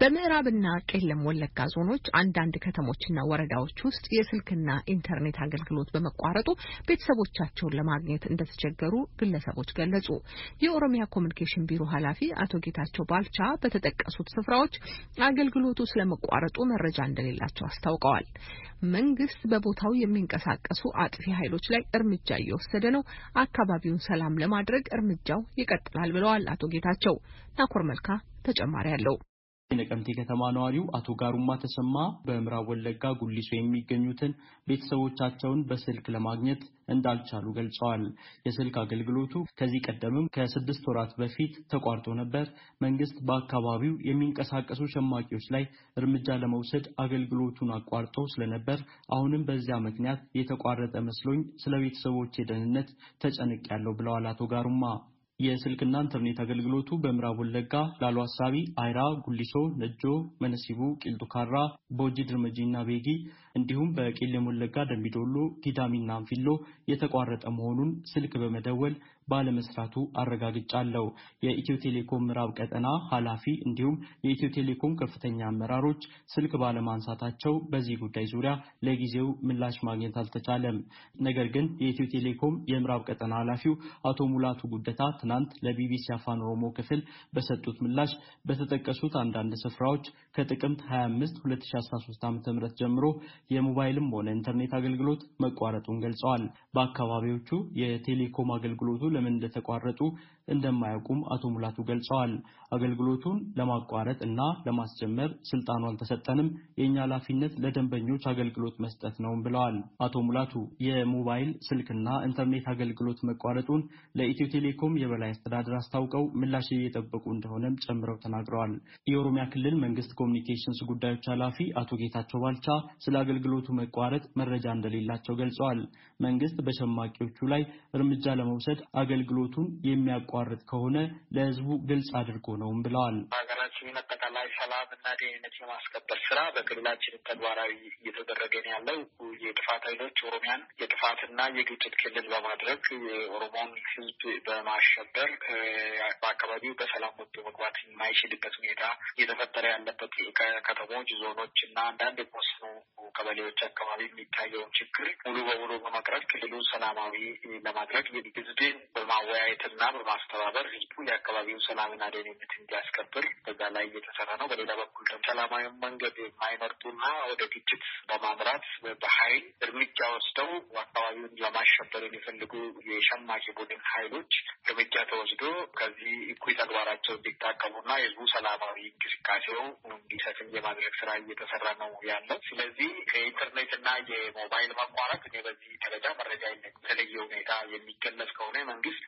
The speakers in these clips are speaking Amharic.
በምዕራብና ቄለም ወለጋ ዞኖች አንዳንድ ከተሞችና ወረዳዎች ውስጥ የስልክና ኢንተርኔት አገልግሎት በመቋረጡ ቤተሰቦቻቸውን ለማግኘት እንደተቸገሩ ግለሰቦች ገለጹ። የኦሮሚያ ኮሚኒኬሽን ቢሮ ኃላፊ አቶ ጌታቸው ባልቻ በተጠቀሱት ስፍራዎች አገልግሎቱ ስለመቋረጡ መረጃ እንደሌላቸው አስታውቀዋል። መንግስት በቦታው የሚንቀሳቀሱ አጥፊ ኃይሎች ላይ እርምጃ እየወሰደ ነው። አካባቢውን ሰላም ለማድረግ እርምጃው ይቀጥላል ብለዋል አቶ ጌታቸው። ናኮር መልካ ተጨማሪ አለው። የነቀምቴ ከተማ ነዋሪው አቶ ጋሩማ ተሰማ በምዕራብ ወለጋ ጉሊሶ የሚገኙትን ቤተሰቦቻቸውን በስልክ ለማግኘት እንዳልቻሉ ገልጸዋል። የስልክ አገልግሎቱ ከዚህ ቀደምም ከስድስት ወራት በፊት ተቋርጦ ነበር። መንግስት በአካባቢው የሚንቀሳቀሱ ሸማቂዎች ላይ እርምጃ ለመውሰድ አገልግሎቱን አቋርጦ ስለነበር አሁንም በዚያ ምክንያት የተቋረጠ መስሎኝ ስለ ቤተሰቦቼ ደህንነት ተጨንቄያለሁ ብለዋል አቶ ጋሩማ የስልክና ኢንተርኔት አገልግሎቱ በምዕራብ ወለጋ ላሉ አሳቢ፣ አይራ፣ ጉሊሶ፣ ነጆ፣ መነሲቡ፣ ቂልጡ ካራ፣ ቦጂ ድርመጂ እና ቤጊ እንዲሁም በቄለም ወለጋ ደምቢዶሎ፣ ጊዳሚና አንፊሎ የተቋረጠ መሆኑን ስልክ በመደወል ባለመስራቱ አረጋግጫለሁ። የኢትዮ ቴሌኮም ምዕራብ ቀጠና ኃላፊ እንዲሁም የኢትዮ ቴሌኮም ከፍተኛ አመራሮች ስልክ ባለማንሳታቸው በዚህ ጉዳይ ዙሪያ ለጊዜው ምላሽ ማግኘት አልተቻለም። ነገር ግን የኢትዮ ቴሌኮም የምዕራብ ቀጠና ኃላፊው አቶ ሙላቱ ጉደታ ትናንት ለቢቢሲ አፋን ኦሮሞ ክፍል በሰጡት ምላሽ በተጠቀሱት አንዳንድ ስፍራዎች ከጥቅምት 25 2013 ዓ ም ጀምሮ የሞባይልም ሆነ ኢንተርኔት አገልግሎት መቋረጡን ገልጸዋል። በአካባቢዎቹ የቴሌኮም አገልግሎቱ ለምን እንደተቋረጡ እንደማያውቁም አቶ ሙላቱ ገልጸዋል። አገልግሎቱን ለማቋረጥ እና ለማስጀመር ስልጣኑ አልተሰጠንም። የእኛ ኃላፊነት ለደንበኞች አገልግሎት መስጠት ነው ብለዋል። አቶ ሙላቱ የሞባይል ስልክና ኢንተርኔት አገልግሎት መቋረጡን ለኢትዮ ቴሌኮም የበላይ አስተዳደር አስታውቀው ምላሽ እየጠበቁ እንደሆነም ጨምረው ተናግረዋል። የኦሮሚያ ክልል መንግስት ኮሚኒኬሽንስ ጉዳዮች ኃላፊ አቶ ጌታቸው ባልቻ ስለ አገልግሎቱ መቋረጥ መረጃ እንደሌላቸው ገልጸዋል። መንግስት በሸማቂዎቹ ላይ እርምጃ ለመውሰድ አገልግሎቱን የሚያቋ የሚያቋርጥ ከሆነ ለህዝቡ ግልጽ አድርጎ ነውም ብለዋል። ሀገራችንን አጠቃላይ ሰላም እና ደህንነት የማስከበር ስራ በክልላችን ተግባራዊ እየተደረገ ነው ያለው። የጥፋት ኃይሎች ኦሮሚያን የጥፋትና የግጭት ክልል በማድረግ የኦሮሞን ህዝብ በማሸበር በአካባቢው በሰላም ወጥቶ መግባት የማይችልበት ሁኔታ እየተፈጠረ ያለበት ከተሞች፣ ዞኖች እና አንዳንድ የቆሰኑ ቀበሌዎች አካባቢ የሚታየውን ችግር ሙሉ በሙሉ በመቅረት ክልሉን ሰላማዊ ለማድረግ ህዝብን በማወያየትና በማስ በማስተባበር ህዝቡ የአካባቢውን ሰላምና ደህንነት እንዲያስከብር በዛ ላይ እየተሰራ ነው። በሌላ በኩል ደግሞ ሰላማዊ መንገድ የማይመርጡና ወደ ግጭት በማምራት በኃይል እርምጃ ወስደው አካባቢውን ለማሸበር የሚፈልጉ የሸማቂ ቡድን ኃይሎች እርምጃ ተወስዶ ከዚህ እኩይ ተግባራቸው እንዲታቀሙና የህዝቡ ሰላማዊ እንቅስቃሴው እንዲሰፍን የማድረግ ስራ እየተሰራ ነው ያለው። ስለዚህ የኢንተርኔትና የሞባይል መቋረጥ እኔ በዚህ ደረጃ መረጃ በተለየ ሁኔታ የሚገለጽ ከሆነ መንግስት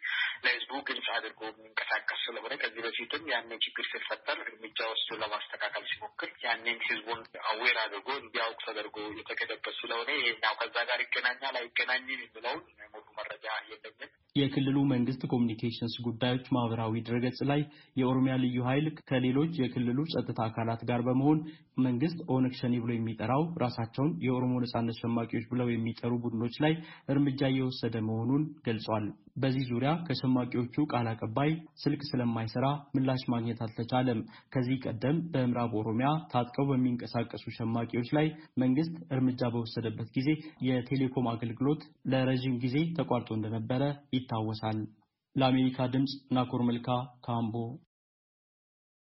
ለህዝቡ ግልጽ አድርጎ የሚንቀሳቀስ ስለሆነ ከዚህ በፊትም ያንን ችግር ሲፈጠር እርምጃ ወስዶ ለማስተካከል ሲሞክር ያንን ህዝቡን አዌር አድርጎ እንዲያውቅ ተደርጎ የተገደበት ስለሆነ ይሄኛው ከዛ ጋር ይገናኛል አይገናኝም የሚለውን ሙሉ መረጃ የለኝም። የክልሉ መንግስት ኮሚኒኬሽንስ ጉዳዮች ማህበራዊ ድረገጽ ላይ የኦሮሚያ ልዩ ኃይል ከሌሎች የክልሉ ጸጥታ አካላት ጋር በመሆን መንግስት ኦነግ ሸኔ ብሎ የሚጠራው ራሳቸውን የኦሮሞ ነጻነት ሸማቂዎች ብለው የሚጠሩ ቡድኖች ላይ እርምጃ እየወሰደ መሆኑን ገልጿል። በዚህ ዙሪያ ከሸማቂዎቹ ቃል አቀባይ ስልክ ስለማይሰራ ምላሽ ማግኘት አልተቻለም። ከዚህ ቀደም በምዕራብ ኦሮሚያ ታጥቀው በሚንቀሳቀሱ ሸማቂዎች ላይ መንግስት እርምጃ በወሰደበት ጊዜ የቴሌኮም አገልግሎት ለረዥም ጊዜ ተቋርጦ እንደነበረ ይታል ይታወሳል። ለአሜሪካ ድምፅ ናኮር መልካ ካምቦ